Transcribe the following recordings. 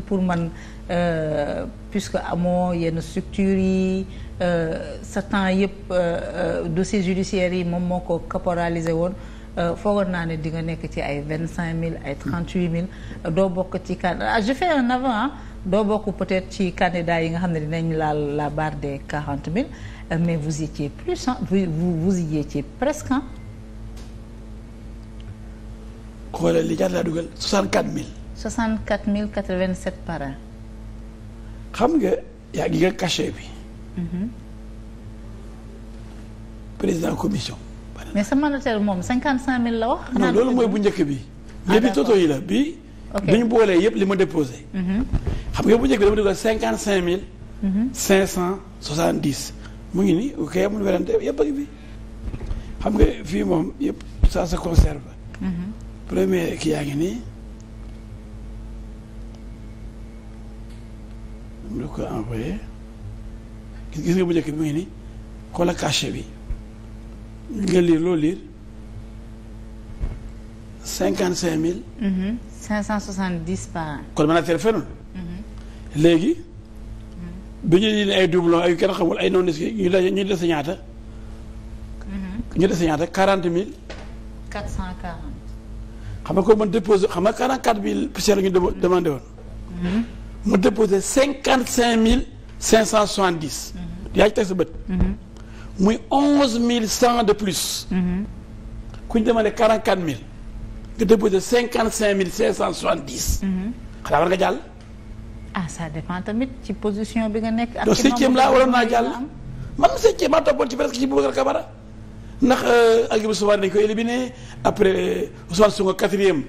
pour man euh, puisque amoo yenn structures yi euh, sa temps yëpp euh, euh, dossiers judiciaires yi moom moo ko caporalisé woon foogoon naa ne di nga nekk ci ay vingt cinq mille ay trente huit mille doo bokk ci kan ah, doo bokk peut-être ci candidat yi nga xam ne dinañ laal la barre des quarante mille mais vous y étiez plus hein vous vous étiez presque ah. xoolal li ñaata laa dugal 64 087 par an. xam nga yaa ngi nga cachet bi. Mhm. président commission. mais sa mandataire moom 55000 la wax. non loolu mooy bu njëkk bi. yëpp ah, toto yi la bi bi boolee yëpp li ma déposé. Mhm. xam nga bu njëkk bi dama déposé 55000. 570. mu ngi nii ok amul werante yëpp a ngi fi xam nga fii moom yëpp ça se conserve. Mhm. premier kii yaa ngi nii. mu la ko envoyé gis gis nga bu njëkk bi mu ngi ni xoolal cachet bi nga liir loo liir cinquante cinq mille mm-hmm. cinq cent soixante dix par an kon mën naa téléphone mm-hmm. léegi mm-hmm. bi ñu ne ay doublon ay kenn xamul ay noonu ñu des ñu des ñaata ñu des ñaata quarante mille quatre cent quarante mille poussière ñu demandé woon mu déposé cinquante cinq mille cinq cent soixante dix. yaa ci teg sa bët. muy onze mille cent de plus. ku ñu demandé quarante quatre mille nga déposé cinquante cinq mille cinq cent soixante dix. xanaa nga jàll. ah ça dépend tamit ci position bi nga nekk. ak ci septième laa waroon naa jàll. man septième toppoon ci presque ci Boubacar Camara ndax euh, Agibou Soumaré dañ ko éliminé après euh, Ousmane Sonko quatrième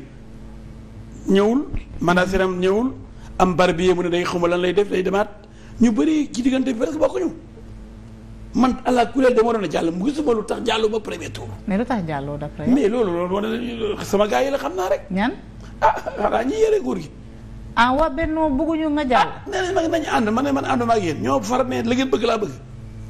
ñëwul. Mandataire am ñëwul. am barbier mu ne day xuma lan lay def day demaat ñu bëri ci diggante bi parce que bokkuñu man allah kuleel dama doon a jàll mu gisuma lu tax jàllu ba premier tour. mais lu tax jàlloo d'après. mais loolu loolu sama gars yi la xam naa rek. ñan a ah, xanaa ñi yore góor gi. ah waa Benno bëgguñu nga jàll. ah nee nañ nañu ànd ma ne man ànduma ak yéen ñoo far ne la ngeen bëgg laa bëgg.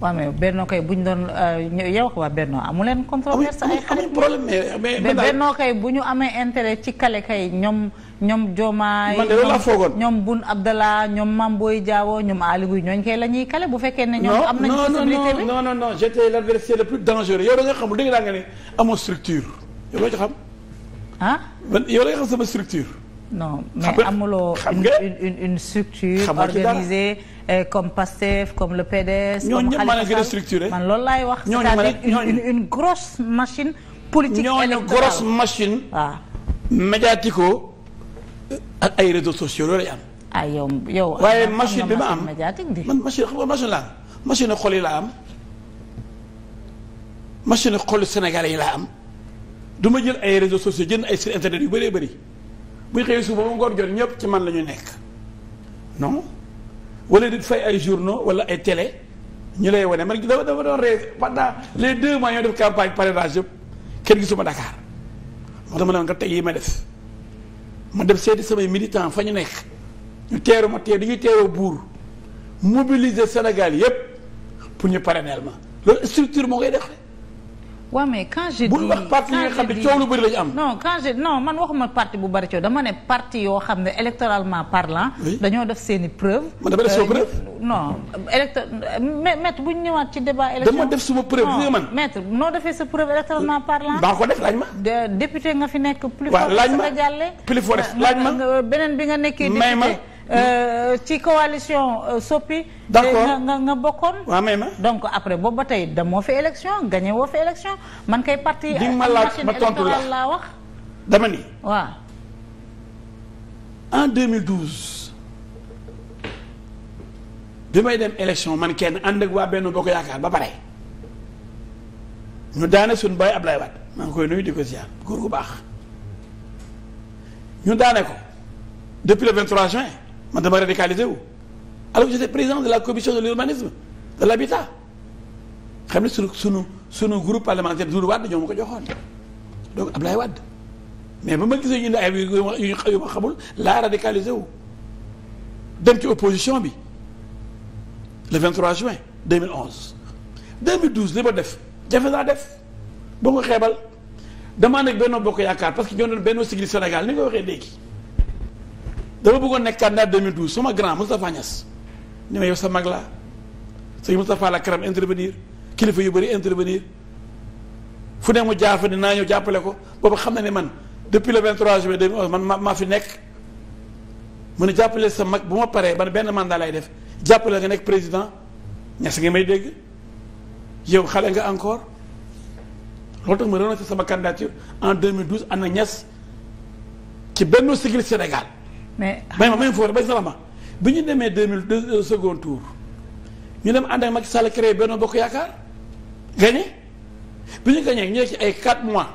waaw mais Benno kay bu ñu doon euh, yow ak waa Benno mu leen controverse ay xarit amuñ problème mais mais. kay bu ñu amee intérêt ci kale kay ñoom. ñoom Diomaye man de loolu laa foogoon ñoom Boun Abdallah ñoom Mame Boye Diao ñoom Aly Ngouille ñooñu kay la ñuy kale bu fekkee ne ñoom am nañu possibilité bi non non non j'étais l'adversaire le plus dangereux yow da nga xamul dégg naa ne amoo structure yow loo ci xam ah man yow da xam sama structure non mais amuloo une une structure organisée eh, comme PASTEF comme le PDS. ñooñu ñëpp maa gën a structuré man loolu laay wax. c'est-à-dire une une grosse machine. politique électorale ñooñu grosse machine. waaw ah. médiatico ak ay réseaux sociaux loolu lay am. Ah, yow yow. waaye machine bi ma am man machine xam nga machine laa am machine xol yi laa am machine xolu Sénégalais yi laa am du ma jël ay réseaux sociaux jën ay site internet yu bëree bëri buy xëy suba ba ngoon jot ñëpp ci man la ñu nekk non wala di fay ay journaux wala ay télé ñu lay wane man dafa dafa doon ree pendant les deux mois ñoo def campagne parrainage yëpp kenn gisuma Dakar moo tax ma ne nga teg yi ma def. ma dem seeti samay militant fa ñu nekk ñu teeru ma teer dañuy teeroo buur mobiliser Sénégal yépp pour ñu parrainer ma loolu structure moo koy def waaw mais quand je dis bu ñu wax parti yi nga xam ne coow am. non quand je non man waxuma parti bu bëri coow dama ne parti yoo xam ne électoralement parlant. dañoo def seeni i preuve. man dama def sama euh, preuve. non électo maître bu ñu ñëwaat ci débat. élection dama def suma preuve li man maître noo defee sa preuve électoralement parlant. maa ko def laaj ma. député nga fi nekk. waaw laaj ma plus fort sa jàlle. plus ma beneen bi nga nekkee député. Euh, ci coalition euh, Sopi. Euh, d'accord nga nga bokkoon. waaw may ma donc après boobu ba tey demoo fi élection gagné woo fi élection man kay parti. di ma laaj tontu la laa wax. dama ni. waaw. en 2012 bi may dem élection man kenn ànd ak waa benn boo ko yaakaar ba pare ñu daane suñu bay Ablaye Wade maa ngi koy nuyu di ko ziar góor gu baax ñu daane ko depuis le juin. man dama radicalisé wu alors que président de la commission de l'urbanisme de l'habitat xam ne sunu sunu sunu groupe parlementaire Doudou Wade ñoo ma ko joxoon donc Ablaye Wade mais ba ma gisee ñu ne ay yu yu ma xamul laa radicalisé wu dem ci opposition bi le 23 juin 2011 2012 li ma def jafe naa def boo ko xeebal damaa nekk Benno Bokk Yaakaar parce que ñoo doon Benno Siggil Sénégal ni nga ko waxee léegi. dama bëggoon nekk candidat 2012 sama grand Moustapha Niass ni ma yow sa mag laa sëñ Moustapha la karam intervenir kilifa yu bëri intervenir fu ne mu jaar fa ni naa ñëw jàppale ko boobu xam na ne man depuis le 23 juillet 2011 man ma maa fi nekk mu ne jàppale sa mag bu ma paree man benn mandat lay def jàppale nga nekk président Niass nga may dégg yow xale nga encore loolu tax ma renoncé sama candidature en 2012 ana ñas ci benn sigil Sénégal. mais may ma may foore bay salama bi ñu demee deux mille deux second tour ñu dem ànd ak Macky Sall créé Benno Bokk Yaakaar gagné bi ñu gagné ñu nekk ci ay quatre mois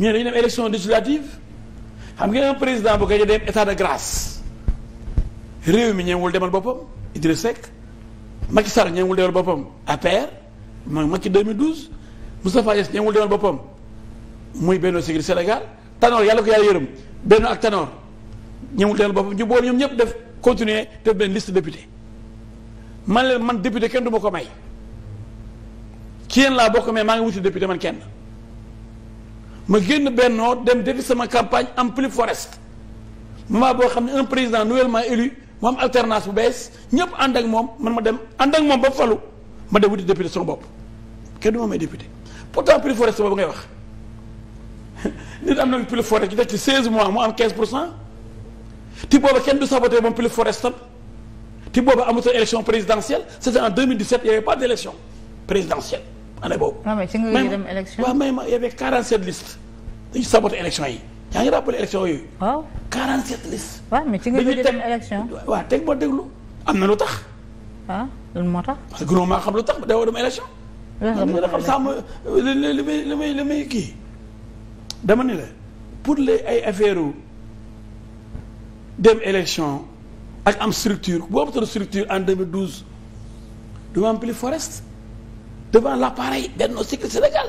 ñu ne dañu dem élection législative xam nga président bu gagné dem état de grâce réew mi ñeewul demal boppam Idriss Seck Macky Sall ñeewul demal boppam APR mooy Macky 2012 Moustapha Niasse ñeewul demal boppam muy Benno Siggil Sénégal Tanor yàlla ko yàlla yërëm Benno ak Tanor. ñëwul teel boppam ñu boole ñoom ñëpp def continuer def benn liste député man leen man député kenn du ko may ci yéen laa bokk mais maa ngi wuti député man kenn ma génn bennoo dem defi sama campagne am plus forest moment boo xam ne un président nouvellement élu mu am alternance bu bees ñëpp ànd ak moom man ma dem ànd ak moom ba falu ma dem wuti député sama bopp kenn du ma may député pourtant plus forest boobu ngay wax nit am na plus forest ci def ci 16 mois mu am 15 pour cent ti booba kenn du saboté moom plus forestal ti booba amatul élection présidentielle c'était en 2017 il y avait pas d'élection présidentielle année boobu. waaw mais ci a dem élection waaw mais ma y avait 47 listes yi. yaa ngi rappelé élection yooyu. waaw 47 listes. waaw mais ci nga dem élection waaw teg boo déglu am na lu tax. ah loolu moo tax. parce que maa xam lu tax dawoo dem élection. loolu moo tax xam li li li muy li muy kii. dama ne la pour la ay affaires dem élection ak am structure boo amatoon structure en 2012 du am plus forest devant l'appareil Benno Siggil Sénégal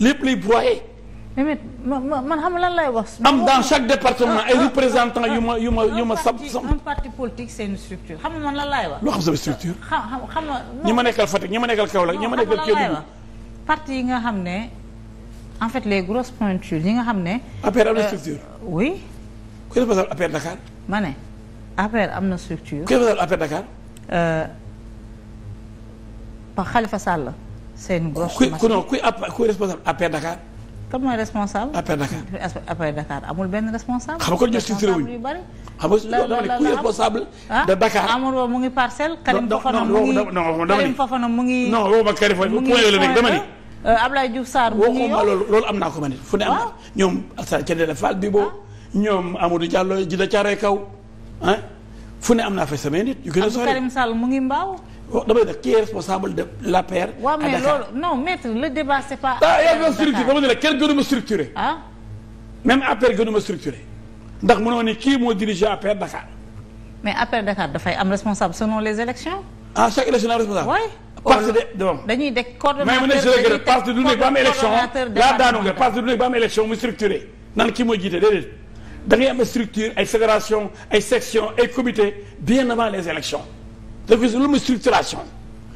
lépp luy broyé. mais man xam lan lay wax. am dans chaque département ah, ay ah, représentants ah, yu ma yu ma yu ma sab sab. un parti politique c'est une structure xam man lan lay wax. loo xam sama structure. xam xam ñi ma nekkal Fatick ñi ma nekkal Kaolack ñi ma nekkal Kédougou. parti yi nga xam ne en fait les grosses pointures yi nga xam ne. affaire am na euh, structure. oui. ku ma ne APR am na structure. kii la APR Dakar. Euh, par Khalifa ku ku kuy responsable APR Dakar. kan mooy responsable. APR Dakar amul benn responsable. xam nga kon ñoom structuré wuñu yu bari. xam nga dama ne kuy responsable. Ah, de mu ngi parcelle. Karim Fofana mu ngi Karim Fofana mu ngi. non woo ma Karim Fofana point yooyu la nekk dama ni. Euh, Abdoulaye Diouf Sarr mu ngi woo ma loolu loolu am naa ko ma ne fu ne am ah. na ñoom Alassane Thiendella Fall bi boobu. Ah. ñoom Amadou Diallo ji da caaree kaw ah fu ne am naa fa samay nit. yu gën a sori Karim Sall mu ngi mbaaw. waaw oh, damay nag qui est responsable de la paire. à Dakar waaw mais loolu non maître le débat c'est pas. ah yaa ngi structuré dama ne ma structuré. ah même kii moo dirigé affaire Dakar. mais affaire Dakar dafay am responsable selon les élections. ah chaque élection a responsable. oui de dañuy dégg coordonnateur dañuy teg coordonnateur mais mu ne ba am élection. mu structuré naan kii moo jiite déedéet. da ngay am structure ay fédération ay section ay comité bien avant les élections dafa lu mu structuration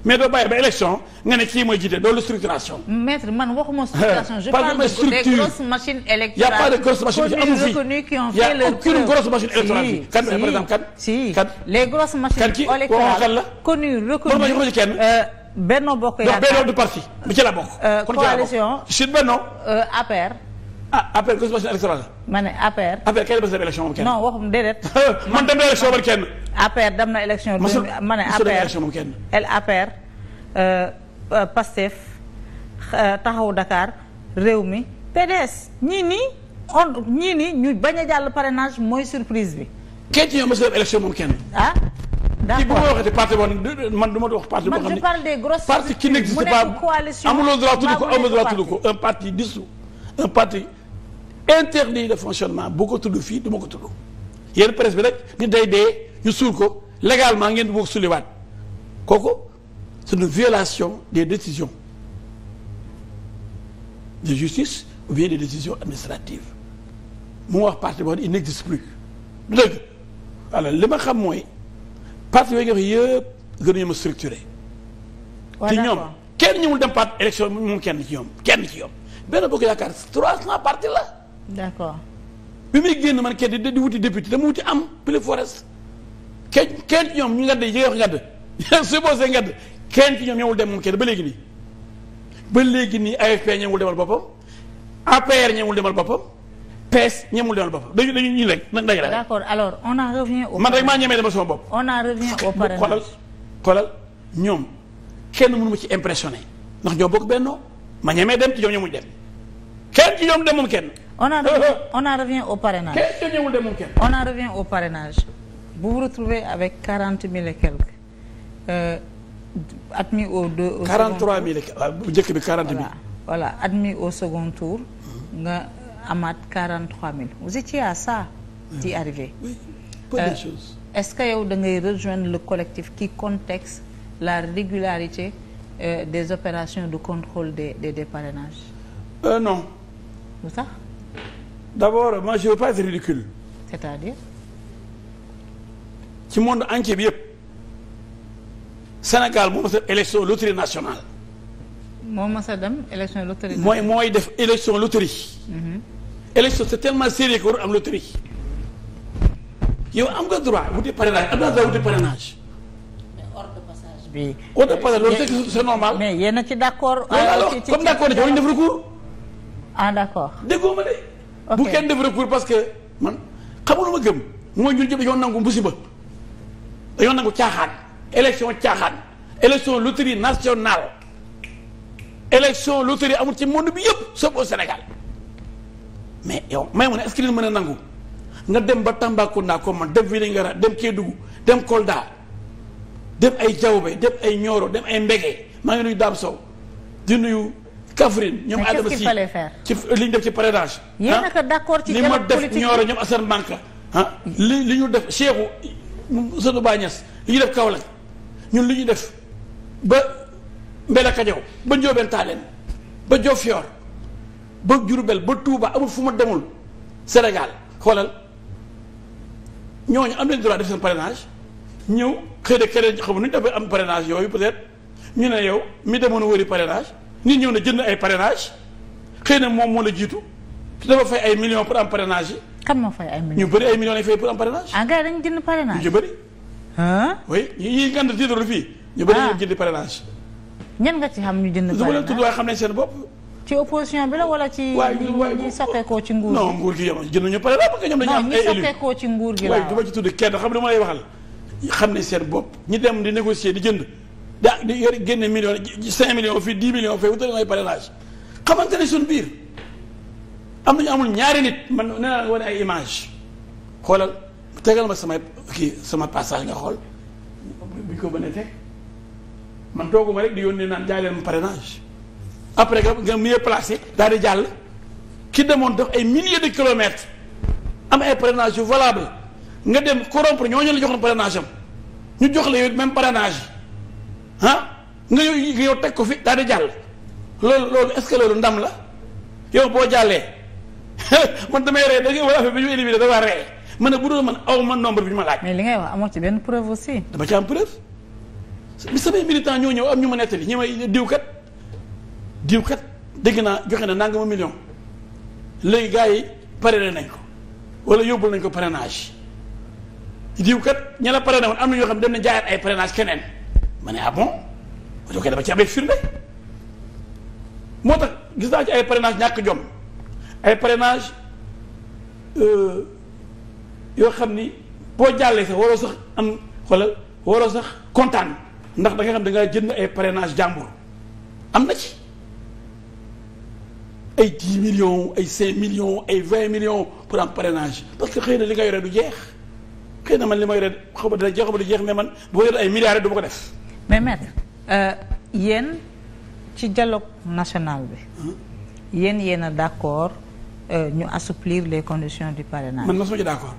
mais doo bàyyi ba élection nga ne kii mooy jiite loolu structuration. maître man waxuma structuration. Eh, je parle des grosses machines électorales. y' a grosses machines yi amu par les grosses machines électorales kan kan la. connues reconnues euh, Benno Bokk Yaakaar Benno du parti bu euh, ci la bokk. coalition Benno. Euh, APR. ah après consultation électorale la. ma ne APR. APR kañ la dem élection kenn. non waxum déedéet. man dem na élection man kenn. APR dem na élection. mosul ne APR kenn. Euh, euh, euh, taxawu Dakar réew mi PDS ñii nii on ñii nii ñu bañ a jàll parrainage mooy surprise bi. kenn ci ñoom mosul dem élection moom kenn. ah d'accord bu ma waxee parti man du ma wax parti boo xam ne man je parle des grosses parti qui n'existe pas amuloo droit tudd ko amuloo droit tudd ko un parti dissous un parti. interdit de fonctionnement boo ko tudd fii du ma ko tudd yéen presse bi rek nit day dee ñu suul ko légalement ngeen di bokk suliwaat kooku c'est une violation des décisions de justice ou bien des décisions administratives mu wax parti boo xam ne il n'existe plus du dëgg alors li ma xam mooy parti yooyu nga wax yëpp gënuñu ma structuré te ñoom kenn ñëwul dem part élection moom kenn ci ñoom kenn ci ñoom benn bokk yaakaar trois cent parti la d'accord bi muy génn man kenn di wuti député dama wuti am plus forest kenn ci ñoom ñu ngadd yi ngay wax ngadd supposé ngadd kenn ci ñoom ñëwul dem moom kenn ba léegi nii ba léegi nii AFP ñëwul demal boppam APR ñëwul demal boppam PES ñemul demal boppam dañu dañu ñu rek nag dañu rek. d'accord alors on en revient au. man rek maa ñemee demal sama bopp. on en revient ñoom kenn mënu ci impressionné ndax ñoo bokk bennoo ma ñemee dem ci ñoom ñoo muñ dem kenn ci ñoom dem moom kenn. on en revient, au parrainage. kenn ñëwul de moom avec quarante mille et quelques euh, admis au deux. au quarante trois mille ah, bu njëkk bi admis au second tour. nga amat quarante trois mille. vous étiez à ça. Ah. d'y arriver. Euh, est-ce que yow da ngay rejoindre le collectif qui contexte la régularité euh, des opérations de contrôle des des, des parrainages. Euh, non. lu tax. d'abord moi je veux pas être ridicule. c'est-à-dire. ci monde bi yëpp Sénégal moo mos a élection loterie nationale. moo mos a dem élection loterie. mooy mooy def élection loterie. Mhm. élection c'est tellement sérieux que warul am loterie. yow am nga droit wuti parrainage am nga droit wuti parrainage. mais hors de passage loolu c'est normal. mais yéen a ci d'accord. ci ci ah, ci comme d'accord def recours. ah d'accord déggoo ma de. bu kenn def recours parce que man xamul lu ma gëm mooy ñun ñëpp dañoo nangu musiba dañoo nangu caaxaan élection caaxaan élection loterie nationale élection loterie amul ci monde bi yëpp sauf Sénégal mais yow mais mu ne est mën a nangu nga dem ba Tambacounda comme man dem Vélingara dem Kédougou dem Kolda dem ay Diaobé dem ay Nioro dem ay Mbégué maa ngi nuyu Dame Sow di nuyu. Kaffrine ñoom Adama si ci li ñu def ci parrainage. yéen ah, a d' accord ci dialogue politique li ma def Nioro ñoom Assane Manka ah, li li ñu def Cheikhou Sadou Ba Niass li ñu def Kaolack ñun li ñu def ba Mbella Kajaw ba Ndiobène Tallène ba Diofior ba Diourbel ba Touba amul fu ma demul Sénégal xoolal ñu am nañ droit def seen parrainage ñëw xëy na keneen xamu nu ñu dafay am parrainage yooyu peut-être ñu ne yow mi demoon wëri parrainage. nit ñëw na jënd ay parrainage xëy na moom moo la jiitu te dafa fay ay millions pour am parrainage yi. kan moo fay ay millions ñu bëri ay millions lañ fay pour am parrainage. ah gars dañu jënd parrainage ñu bëri. oui ñi nga ànd tiitaru fii. ñu bëri ah. ñu jënd parrainage. ñan nga xam ñu jënd parrainage du ma leen tudd waaye xam nañ seen bopp. ci opposition bi la wala ci. ci nguur gi. non nguur gi yow jënduñu parrainage parce ci nguur gi la waaw waay du xam ne dama lay waxal. xam nañ seen bopp ñu dem di négocier di jënd daa di yor génne million cinq millions fii dix millions fii wutale mooy parrainage xamante ne suñ biir am nañu amul ñaari nit man nee naa la wane ay image xoolal tegal ma samay kii sama passage nga xool bi ko mën a teg man tooguma rek di yoon yónnee naan jaay leen ma parrainage après nga mieux placé daal di jàll ki demoon def ay milliers de kilomètres am ay parrainage yu valable nga dem corrompre ñooñu la joxoon parrainage am ñu jox la yow même parrainage ah nga yow yow teg ko fi daal jàll loolu loolu est-ce que loolu ndam la yow boo jàllee man damay ree da ngay war affaire bi ñu éliminé dafa ree man ne bu doon man ma nombre bi ñu ma li ngay wax amoo ci benn preuve aussi. dama ci am preuve bi samay militant ñoo ñëw am ñu ma nettali ñi may diw kat diw kat dégg naa joxe na nangama million léegi gars yi parrainé nañ ko wala nañ ko parrainage diw kat ña la parrainé woon am na ñoo xam ne dem na jaayaat ay parrainage keneen. ma ne ah bon rajo koy dafa ci amee firnde moo tax gis naa ci ay parrainage ñàkk jom ay parrainage euh, yoo xam ni boo jàllee sax waroo sax am xoolal waroo sax kontaan ndax da xam da ngaa jënd ay parrainage jàmbur am na ci ay dix millions ay cinq millions ay vingt millions pour am parrainage parce que xëy na li nga yore du jeex xëy na man li ma yore xaw ma dina jeex xaw ma du jeex mais man bu ma ay milliards du ma ko def mais maître euh, yéen ci dialogue national bi yéen yéen a d' accord euh, ñu assouplir les condition du parrainage. man mosuma ci d' accord.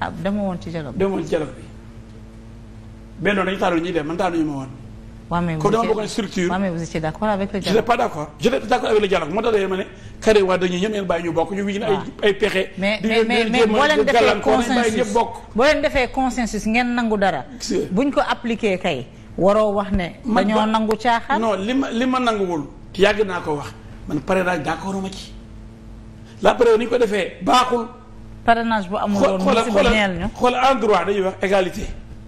ah dama woon ci dialogue dama woon ci dialogue bi. benn dañu taalu ñuy dem man taaluñu ma woon. waaw mais vous dama bokkoon structure. waaw mais vous étiez d' avec le dialogue. moo tax ma ne. xëy na waa dañuy bàyyi ñu bokk ñu. waaw wiy ay ay pexe. mais mais mais boo leen defee consensus boo leen defee consensus ngeen nangu dara. buñ ko appliqué kay. waroo wax ne. ma dañoo nangu caaxaan. non li ma li ma nanguwul yàgg naa ko wax man parrainage d'accord ma ci la preuve ni ñu ko defee baaxul. parrainage bu amul woon musiba ñeel ñu xool en dañuy wax égalité.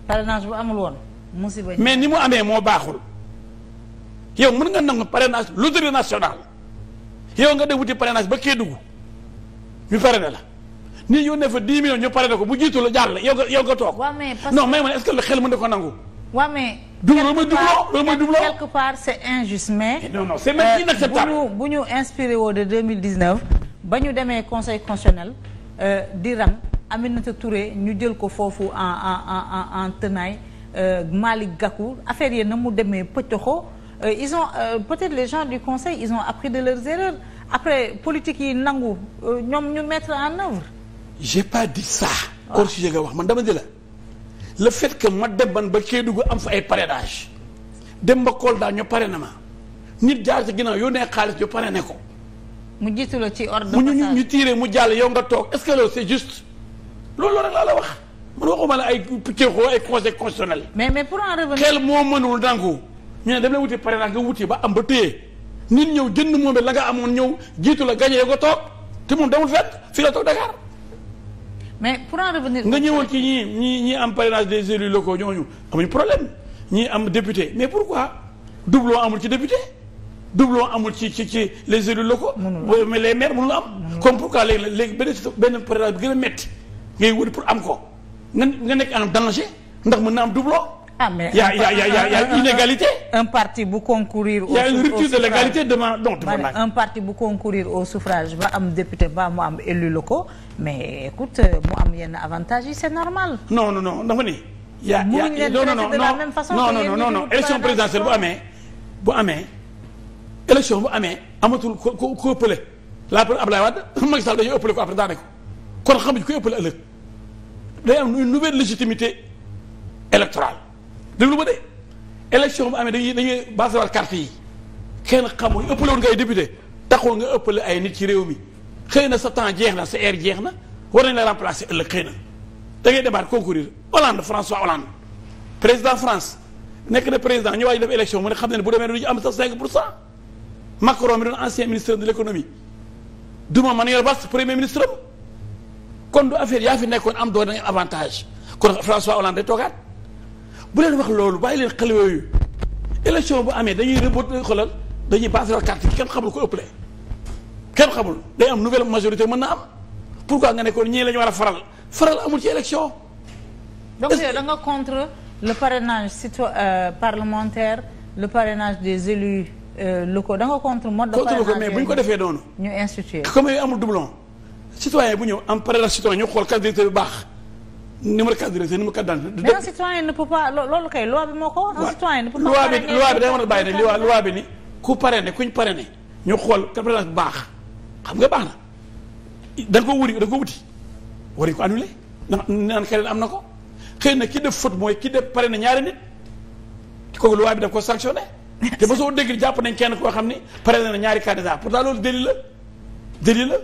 parrainage bu amul woon musiba mais ni mu amee moo baaxul yow mën nga nangu parrainage loterie nationale yow nga dem wuti parrainage ba Kédougou ñu parrainé la. nii yónnee fa 10 millions ñu parrainé ko bu jiitu la jaar yow nga yow nga toog. non mais man est-ce xel mën na ko nangu. waa mais. dugaloo ma dugaloo loolu ma dugaloo quelque part c'est injuste mais. non euh, bu ñu bu ñu inspiré woo de 2019 ba ñu demee conseil constitutionnel euh, di rang Aminata toure ñu jël ko foofu en en en en tenaille euh, Malick Gakou affaire yi na mu demee ko ils ont peut-être les gens du conseil ils ont appris de leurs erreurs après politique yi nangu ñoom ñu mettre en œuvre. j'ai pas dit ça. hors ah. sujet wax man dama di la. le fait que ma dem ban ba Kédougou am fa ay parrainage dem ba kool Kolda ñu na ma nit jaar ci ginnaaw yónnee xaalis ñu ne ko. mu jiitu la ci ordre mu ñu ñu tiiree mu jàll yow nga toog est que loolu c'est juste loolu rek la wax man waxuma la ay ceexoo ay conseil constitutionnel. mais mais pour en revenir xel moo mënul nangu ñu ne dem la wuti parrainage nga wuti ba am ba téye nit ñëw jënd moom la nga amoon ñëw jiitu la gagné nga toog te moom demul fenn fii la toog Dakar. mais pour en revenir nga ñëwoon ci ñi ñi ñi am parrainage des élus locaux ñooñu amuñu problème ñi am député mais pourquoi doublon amul ci député doublon amul ci ci ci les élus locaux mais les maires mënul am comme pourquoi léegi léegi benn benn parrainage bi ngay wër pour am ko nga nga nekk en danger ndax mën na am doublon ah mais y' a y' a inégalité. un parti bu concourir. au y' a une rupture de l'égalité demain donc parti bu concourir au suffrage ba am député ba mu am élu locaux mais écoute euh, mu am yenn avantage yi c'est normal. non non non dafa a y' a non non non non non non élection présidentielle bu amee bu ame élection bu amee amatul ko ko ko ëppale la Abdoulaye Wade Macky Sall dañuy ëppale ko après daane ko kon xamuñ ko ëppale ëllëg day am une nouvelle légitimité électorale. déglu ma de élection bu amee dañuy dañuy basé waat carte yi kenn xamul ëppale woon nga ay député taxul nga ëppale ay nit ci réew mi xëy na sa temps jeex na sa air jeex na war nañ la remplacer ëllëg xëy na da demaat débat concourir Hollande François Hollande président France nekk na président ñu waaj def élection mu ne xam ne bu demee duñu am sa 5 pour cent Macron mi doon ancien ministre de l' économie Duma Manuel Valls premier ministre am kon du affaire yaa fi nekkoon am doon da nga avantage kon François Hollande bu leen wax loolu bàyyi leen xel yooyu élection bu amee dañuy rebot xolal dañuy baasal carte yi kenn xamul ko ëppale kenn xamul day am nouvelle majorité mën na am pourquoi nga ne kon ñii la ñu war a faral faral amul ci élection. donc yow euh, da nga contre le parrainage citoyen euh, parlementaire le parrainage des élus euh, locaux da nga contre mode de parrainage contre mais bu ñu ko defee noonu. ñu institué comme yooyu amul doublon citoyen bu ñëw am parrainage citoyen ñu xool candidature bu baax. numéro carte d'identité numéro carte d'identité. mais un citoyen ne peut pas loolu kay loi bi moo ko. un citoyen ne peut pas mën a bàyyi ne loi loi ni ku parrainé kuñ parrainé ñu xool carte d'identité baax xam nga baax na da nga ko wuri da nga ko wuti war ko annulé ndax naan keneen am na ko xëy na ki def faute mooy ki def parrainé ñaari nit kooku loi bi daf ko sanctionné. te ba soo dégg jàpp nañ kenn koo xam ni parrainé na ñaari candidat pourtant loolu délit la délit la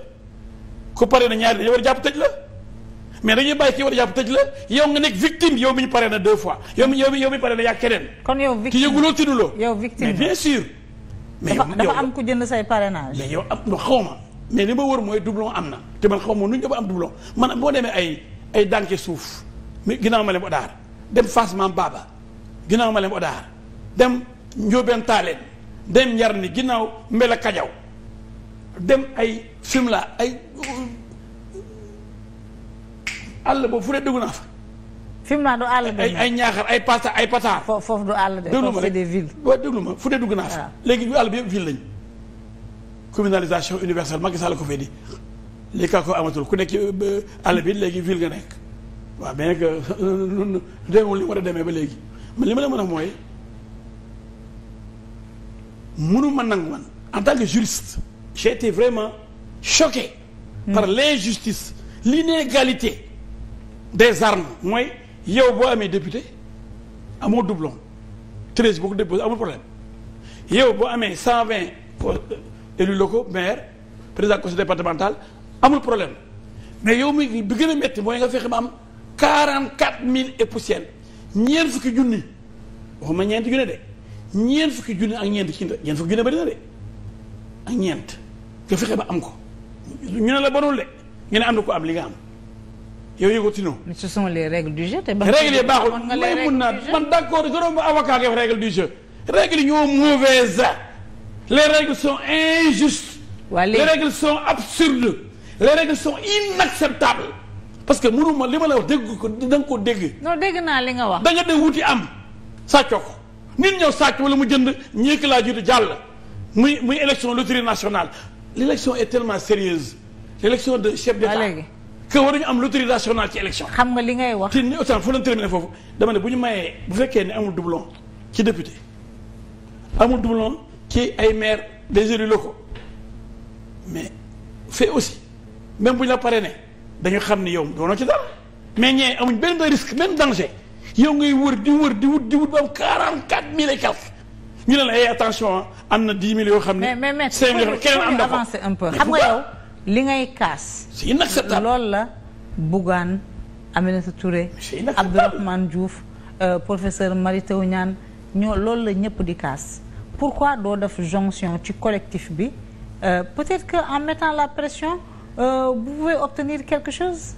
ku pare ñaari ñaar jàpp tëj la. mais dañuy bàyyi kii war a jàpp tëj la yow nga nekk victime yow mi ñu paree na deux fois yow mi yow mi yow mi paree na yaa keneen. kon yow victime yëguloo tidduloo. yow victime mais bien sûr. mais yow dafa am ku jënd say parrainage. mais yow am na xaw ma mais li ma wër mooy doublon am na te man xaw ma nu ñu am doublon man boo demee ay ay dànke suuf mi ginnaaw ma leen odaar dem Fass Maam Baba ginnaaw ma leen odaar dem Njóobeen Taaleen dem Njarni ginnaaw Mbela Kajaw dem ay Fimela ay. àll boobu fu ne dugg naa fa. fi naa du àll de. ay ay ñaaxar ay pata ay pataar. foofu du àll de foofu c'est des villes. ma fu ne dugg naa fa. léegi ñu àll bi yëpp ville lañu. communalisation universelle Macky Sall ko fee di ko amatul ku nekk àll bi léegi ville nga nekk. waaw mais nag demeewul li demee ba léegi man li ma la mën a mooy mënuma nangu man en tant que juriste. j'ai été vraiment choqué. Hmm. par l'injustice l'inégalité. de armes mooy yow boo amee député amoo doublon treize boo ko déposé amul problème yow boo amee cent vingt élus locaux maire président conseil départemental amul problème mais yow mu bi gën a métti mooy nga fexe ba am quarante quatre mille et poussière ñeent fukki junni waxuma ñeent junni de ñeent fukki junni ak ñeent ci ñeent fukki junni bari na de ñeent fexe ba am ko ñu ne la bonul de ñu ne am na ko am li nga am yow yëgootinoo. ce sont les règles du jeu te ba. règles yi baaxul mooy mun naa man d' accord gërëm avocat ak règle du jeu. règles yi ñoo mauvaise les règles sont injustes. waa les règles sont absurdes. les règles sont inacceptables. parce que mënu ma li ma la wax dégg ko da nga ko dégg. non dégg naa li nga wax. da nga de wuti am sàccoo ko nit ñëw sàcc wala mu jënd ñeek laa jiitu jàll. muy muy élection loterie nationale l' élection est tellement sérieuse l' élection de chef d' état. a waruñu am loterie nationale ci élection. xam nga li ngay wax. te ni autant fu leen terminer foofu dama ne bu ñu mayee bu fekkee ne amul doublon ci député amul doublon ci ay maire des élus locaux mais fait aussi même bu ñu la pare ne dañu xam ni yow doonoo ci dara mais ñee amuñ benn risque benn danger yow ngay wër di wër di wut di wut ba am 44 mille et ñu ne la ay eh, attention ah, am na 10 mille yoo xam ne. mais mais mais keneen am na ko xam nga yow. li ngay kaas. c'est inacceptable loolu la Bougane Aminata Touré. Abdourahmane Diouf euh, professeur Mary Teuw ñaan ñoo loolu la ñëpp di kaas. pourquoi doo def jonction ci collectif bi euh, peut-être que en mettant la pression euh, vous pouvez obtenir quelque chose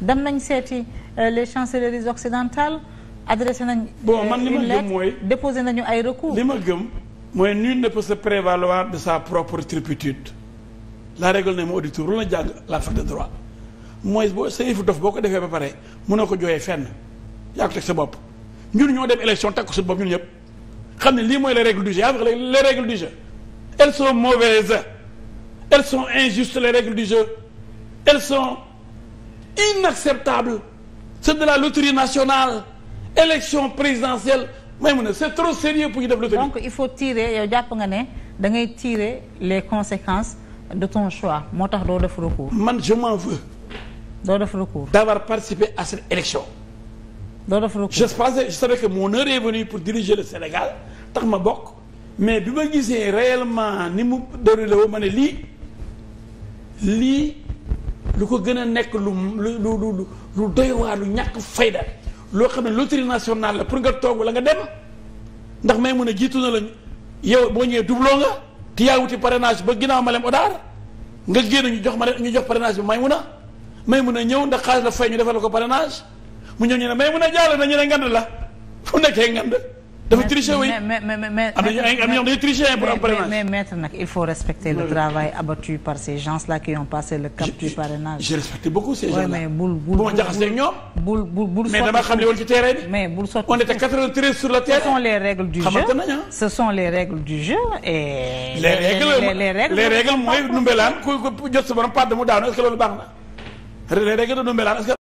dem nañ seeti euh, les chancelleries occidentales adressé nañ. boo man li ma gëm mooy déposé nañu ay recours. li ma gëm mooy nul ne peut se prévaloir de sa propre turpitude. la règle ne moo auditeur lu la jàng la fac de droit mooy boo sa dof boo ko defee ba pare mënoo ko jooyee fenn yaa ko teg sa bopp ñun ñoo dem élection takk suñu bopp ñun ñëpp xam ne lii mooy les règles du jeu yaa ngi wax les règles du jeu elles sont mauvaises elles sont injustes les règles du jeu elles sont inacceptables c'est de la loterie nationale élection présidentielle may mu ne c'est trop sérieux pour ñu def loterie donc il faut tiire yow jàpp nga ne da ngay tirer les conséquences de ton choix moo tax doo def recours. man je m'en veux. doo def recours. d'avoir participé à cette élection. doo def recours je pensais je savais que mon heure est venue pour diriger le Sénégal tax ma bokk mais bi ma gisee réellement ni mu déroulé woo ma ne lii lii lu ko gën a nekk lu lu lu lu doy waar lu ñàkk fayda loo xam ne loterie nationale la pour nga toog la nga dem ndax may mun a jiitu na la yow boo ñëwee dubloo nga. te yaa wuti parrainage ba ginnaaw ma lem odaar nga génn ñu jox ma ñu jox parrainage bi may mun a may mun a ñëw ndax xaalis la fay ñu defal ko parrainage mu ñëw ñu ne may mun a jàll na ñu ne ngand la fu nekkee ngand dafa tricher oui mais mais mais am na ñoom day tricher pour am parrainage. mais maître nag il faut respecter le travail abattu par ces gens là qui ont passé le cap du parrainage. j'ai respecté beaucoup ces gens là mais bul bul bul jaxasee ñoom. bul bul bul mais mais ah. les règles du jeu et. les règles les règles les règles mooy numbelaan ku jot sa borom est-ce que loolu baax na les règles de numbelaan est-ce que.